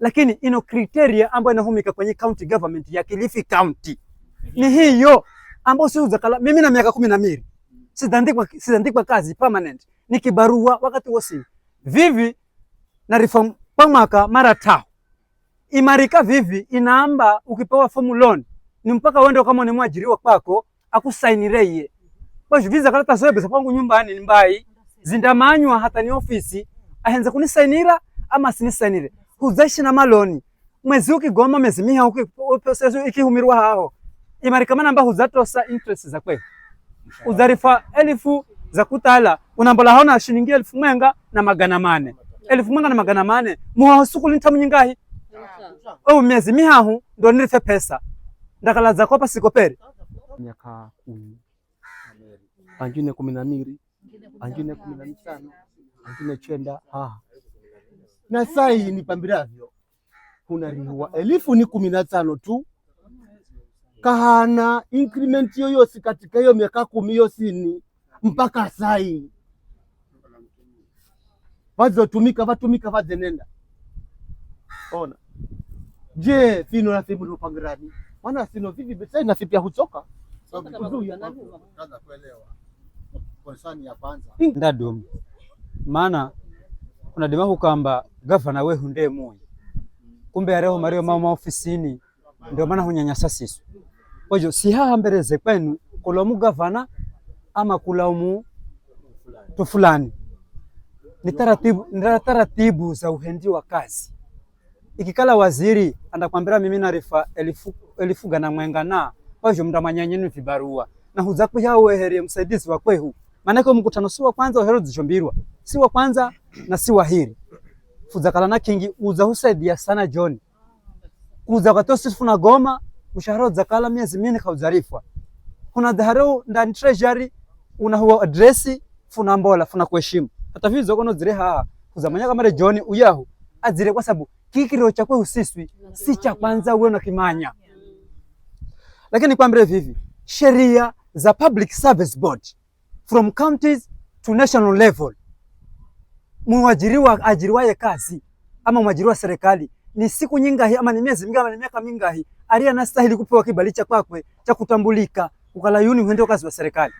lakini ino kriteria ambayo inahumika kwenye county government ya Kilifi County ni hiyo ambayo si uzakala. Mimi na miaka kumi na mbili sijaandikwa sijaandikwa kazi permanent, ni kibarua wakati wosi vivi na reform pamaka mara tao imarika vivi inaamba ukipewa form loan ni mpaka uende kama ni mwajiriwa kwako akusainireye hivyo visa kala kalata sobe sapangu nyumbani ni mbai zindamanywa hata ni ofisi ahenza kunisainira ama sinisainire kuzeshi na maloni mwezi uki goma mwezi miha uki iki ikihumirwa hao imarikamana amba huzatosa interest za kwe uzarifa elfu za kutala unambola hao na shilingi elfu mwenga na magana mane elfu mwenga na magana mane muha usuku linta mnyingahi mwezi miha mihahu ndo nilife pesa ndakala za kopa sikoperi miaka kumi angine kumi na mbili anjine kumi na mitano anjine chenda haha na sai ni kuna rihiwa elfu ni kumi na tano tu kahana increment yoyosi katika hiyo miaka kumi yosini mpaka sai vazotumika vatumika vazenenda ona je fino na fimu nopangirani maana sino vivi besai na fipya huchoka ndadum maana unadima kukamba gavana wehu hunde muyi kumbe areho mario mama ofisini ndio maana hunyanyasa sisu ojo si hahambeleze kwenu kulaumu gavana ama kulaumu mtu fulani ni taratibu, ni taratibu za uhendi wa kazi. Ikikala waziri anakwambia mimi narifa elifu, elifu gana mwenga na ojo mndamanyanyenu vibarua na huza kuyaweherie msaidizi wa kwehu maanake mkutano si wa kwanza oherozichombirwa si wa kwanza na si wahiri fuza na kingi uza husaidia sana John uza katosifu na goma mshahara zakala miezi mine kauzarifwa kuna dharau ndani treasury una huwa address funa mbola funa kuheshimu hata vizo kono zire ha manya kama John uyahu azire kwa sababu kikiro cha kwa usiswi si cha kwanza uwe kimanya lakini kwa mbele vivi sheria za Public Service Board from counties to national level mwajiriwa ajiriwaye kazi ama mwajiriwa serikali ni siku nyingahi ama ni miezi mingi ama ni miaka mingahi aliye anastahili kupewa kibali cha kwakwe cha kutambulika ukala yuni uende kazi wa serikali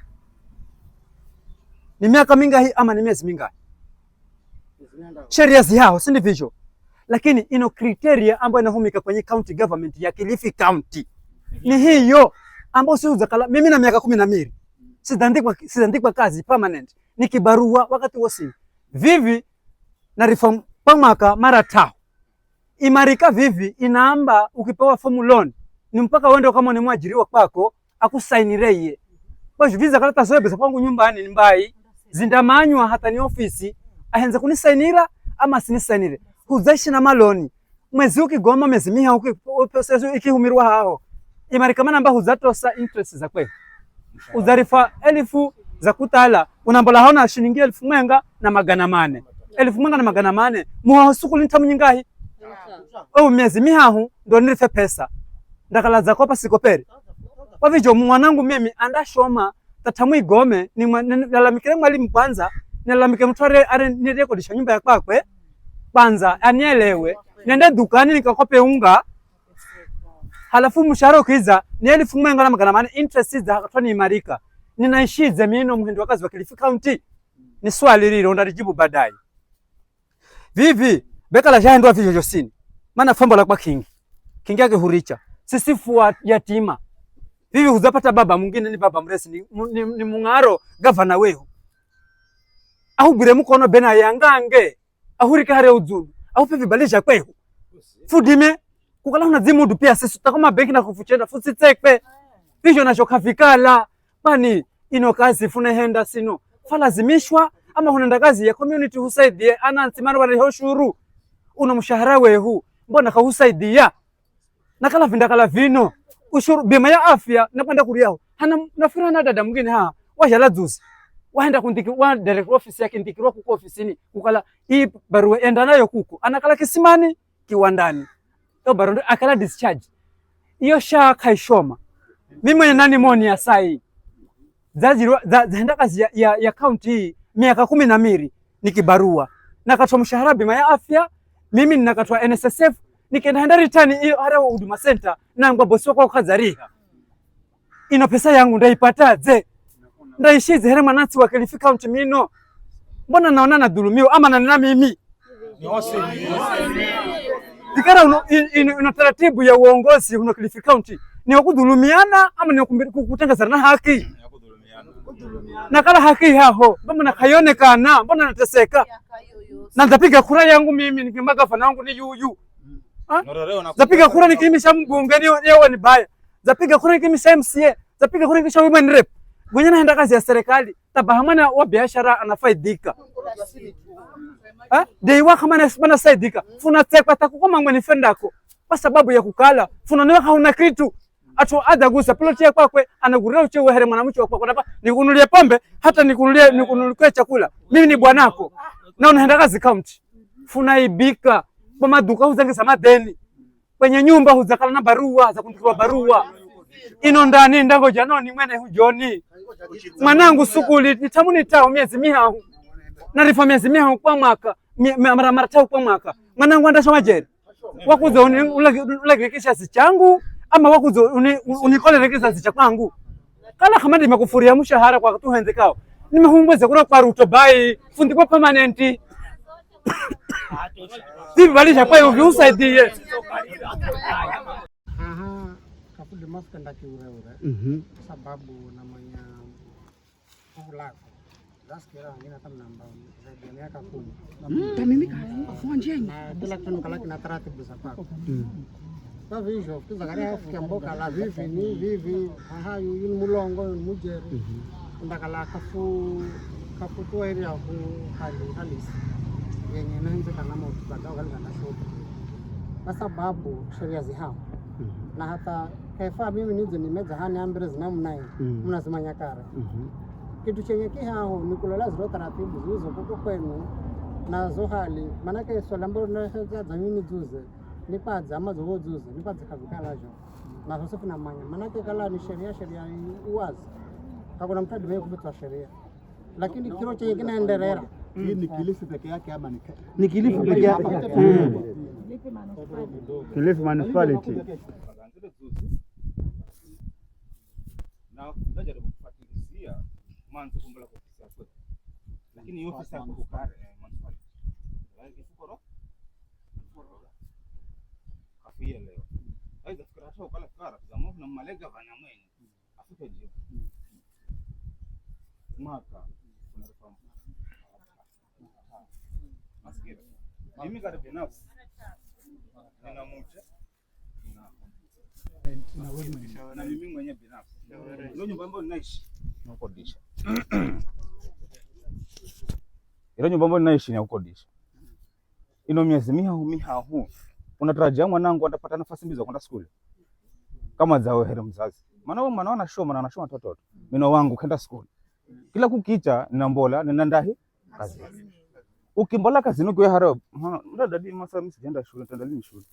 ni miaka mingahi ama ni miezi mingahi? Sheria zihao si ndivyo? Lakini ino kriteria ambayo inahumika kwenye county government ya Kilifi County ni hiyo ambayo si uzakala. Mimi na miaka kumi na mbili sijaandikwa sijaandikwa kazi permanent, ni kibarua wakati wosi vivi na reform kwa mwaka mara tao imarika vivi inaamba ukipewa form loan ni mpaka uende kama ni mwajiriwa kwako kwa hivyo visa kalata sobe za kwangu nyumbani ni mbai zindamanywa hata ni ofisi ahenza kunisainira ama sinisainire huzaishi na maloni mwezi ukigoma mwezi miha ukiposesu ikihumirwa hao imarika mana mba huzatosa interest za kwe uzarifa elifu za kutala unambola haona shilingi elfu mwenga na magana mane elfu mwenga na magana mane muhaho sukulu ntamu nyingahi ou miezi mihahu ndo nilife pesa ndakala za kopa sikoperi wavijo mwanangu mimi anda shoma tatamu igome ni nalamikire mwalimu kwanza nalamike mtu are nirekodisha nyumba ya kwakwe kwanza anielewe nende dukani nikakope unga halafu mshahara ukiza ni elfu mwenga na magana mane interest za katoni imarika ninaishize mieno mhendo wakazi wa Kilifi County? Ni swali lile unalijibu baadaye. Vivi beka la shahendwa vivyo vyosini. Maana fambo la kwa kingi. Kingi yake huricha. Sisifu wa yatima. Vivi huzapata baba mwingine ni baba mresi ni, ni, ni mungaro gavana wehu. Au bure mukono bena yangange. Ahurika hare uzulu. Au pevi balisha kwehu. Fudime kukala unazimudu pia sisi takoma benki na kufuchenda fusitekwe. Vivyo na shoka fikala bani ino kazi henda sino falazimishwa ama hunenda kazi ya community husaidie ana anansi marwariha hoshuru uno mshahara wehu mbona kahusaidia nakala kala vino ushuru bima ya afya napanda kuliao hana nafira na dada mwingine ha washala dzusi waenda kundiki wa direct office yake ndikirwa kuko ofisini ukala hii barua enda nayo kuko anakala kisimani kiwandani yo barua akala discharge iyo sha kaishoma mimi nani moni ya sai zandakazi za, ya, ya kaunti hii miaka kumi na miri nikibarua nakatwa mshahara bima ya afya, mimi ninakatwa NSSF nikaenda henda return hiyo hara wa huduma center na ngwa bosi wako kazariha ina pesa yangu ndaipata ze ndaishize hera mwanansi wa Kilifi kaunti mino, mbona naona nadhulumiwa ama nanena mimi ikara ino taratibu ya uongozi uno Kilifi kaunti ni wakudhulumiana ama ni kukutenga sana haki na kala haki haho mbona nakayonekana mbona nateseka na ntapiga kura yangu mimi nikimbaga fana yangu ni yuyu zapiga ah? kura nikimisha mbunge yewe ni baya zapiga kura nikimisha MCA zapiga kura nikimisha women rep mwenye naenda kazi ya serikali tabahamana wa biashara anafaidika ah? deiwa kama banasaidika funatekwa takukoma mwenifendako kwa sababu ya kukala funaniwa hauna kitu atu adagusa ploti ya kwakwe anaguria uchewe here mwanamke wa kwako ni nikunulie pombe hata ni ni nikunulie chakula mimi ni bwanako na unaenda kazi county funaibika kwa maduka huzange sama deni kwenye nyumba huzakala na barua za kundikiwa barua ino ndani ndango jano ni mwana hujoni mwanangu sukuli nitamuni tao miezi na rifa miezi mihangu kwa mwaka mara mara tao kwa mwaka mwanangu andasha majeri wakuzoni ulagikisha si changu ama wakuzo unikole za zicha kwangu kala khamandi makufuria mshahara kwa kutuhenze kao nimehumbweze kuna kwa ruto bai fundi kwa permanenti tibi balisha kwa hivi usaidie aha kafundi mafuta ndaki ure ure mhm. sababu namanya kukulako ulako daskira kavisho kizakadaya kufikia eh, mboka la vivi ni vivi haha yuyu mulongo yuyu ni mujeri mhm. ndakala kafu kafutua ili aku hali halisi yenye nanze kana moto badao kali kana shoto kwa sababu sheria zihao mhm. na hata kaifaa mimi nije nimeza hani ambere zinamnaye mnazimanya mhm. kare kitu chenye kihao ni kulola zilo taratibu zilizo kuko kwenu nazo hali maanake swali ambalo nazaza mimi juze nipadza amadzokudzuza nipadza khazikhalazho nazo sifunamanya manake kala ni sheria sheria uwazi hakuna mtadi wekupitsa sheria lakini kiro chenye kinaendelera hii ni Kilifi peke yake ama ni Kilifi peke yake Kilifi municipality hmm. na najaribu kufuatilizia mwanzo kumbula lakini ofisi eh, yako malenga vana mweni mm. afike jibu mm. mwaka masikira mimi kata binafsi nina mcha eh, na mimi mwenye binafsi ndio nyumba ambayo ninaishi nakodisha ile nyumba ambayo ninaishi ni kukodisha ino miezi mihahu mihahu unatarajia mwanangu atapata nafasi mbizi za kwenda skuli kama za wewe mzazi. Maana wewe mwana wana shoma na maana shoma watoto. Mimi wangu kaenda shule. Kila kukicha nina mbola nina ndahi kazi. Ukimbola kazi niko ya harab. Ndio dadi masaa mimi sijaenda shule nitaenda lini shule?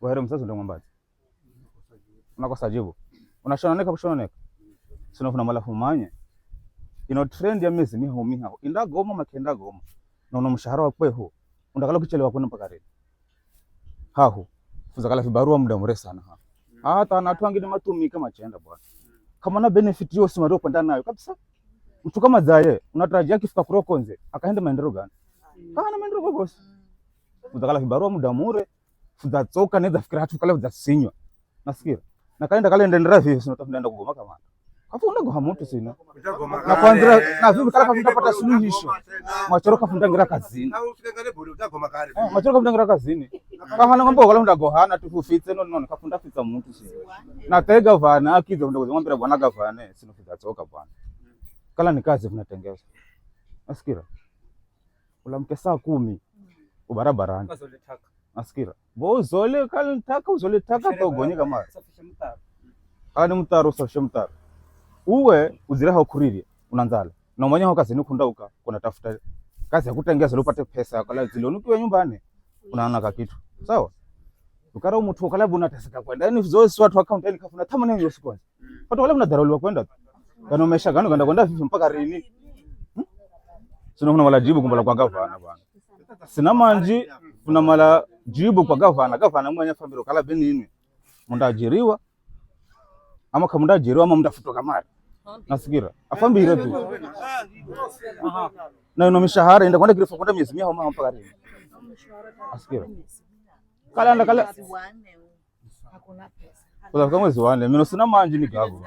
Wewe mzazi ndio mwambazi. Unakosa jibu. Unashona neka kushona neka. Sina kuna mala fumanye. Ino trend ya miezi miho miho. Inda goma makenda goma. Na una mshahara wako huo. Unataka kuchelewa kwenda mpaka redi. Hahu. Fuzakala vibarua muda mrefu sana hapa hata anatwangi ni matumi kama chenda bwana, kama na benefit yo simario kwenda nayo kabisa. Mtu kama zaye unatarajia kifika kuro konze akaenda maendeleo gani? Kana maendeleo kwa boss mudakala kibarua muda mure fuda tsoka neza fikira hatu kala za sinywa nasikira na kaenda kale ndendera hivi sio tafunda ndo kugoma kama afu kafunda goma mtu sina na kwanza na vipi kala kafunda pata suluhisho machoro kafunda ngira kazini na bodi utagoma kale eh, machoro kafunda ngira kazini kafana kwamba ukalonda gohana tifufitse nonone kafunda fitsa muntu natae gavana akiza kunda kuzimwambira bwana gavana sinofitsa tsoka bwana kala ni kazi kunatengeza nasikira ulamke saa kumi ubarabarani nasikira bo uzole kala nitaka uzole taka togonyeka mara kala ni mtaro usafishe mtaro uwe uzireha ukuririe unanzala nomwenyeho kazi nikundauka kunatafuta kazi yakutengeza lupate pesa yakala zilionukiwe nyumbani unaona kakitu sawa ukara mtu wakalabu unateseka kwenda yani zoe zoezi watu account yani kafuna tama nini yosi kwanza watu wale unadharauliwa kwenda kana umesha kana kwenda kwenda vipi mpaka rini hmm? sina kuna wala jibu kumbala kwa gavana bwana sina manji kuna mala jibu kwa gavana gavana mwenye famiro kala munda ajiriwa ama ajiriwa ama mtafutwa kamari nasikira afambire tu na ino mishahara enda kwenda kirefu kwenda miezi mia homa mpaka rini nasikira kalanda kala kula mwezi wa nne mimi sina manji nikago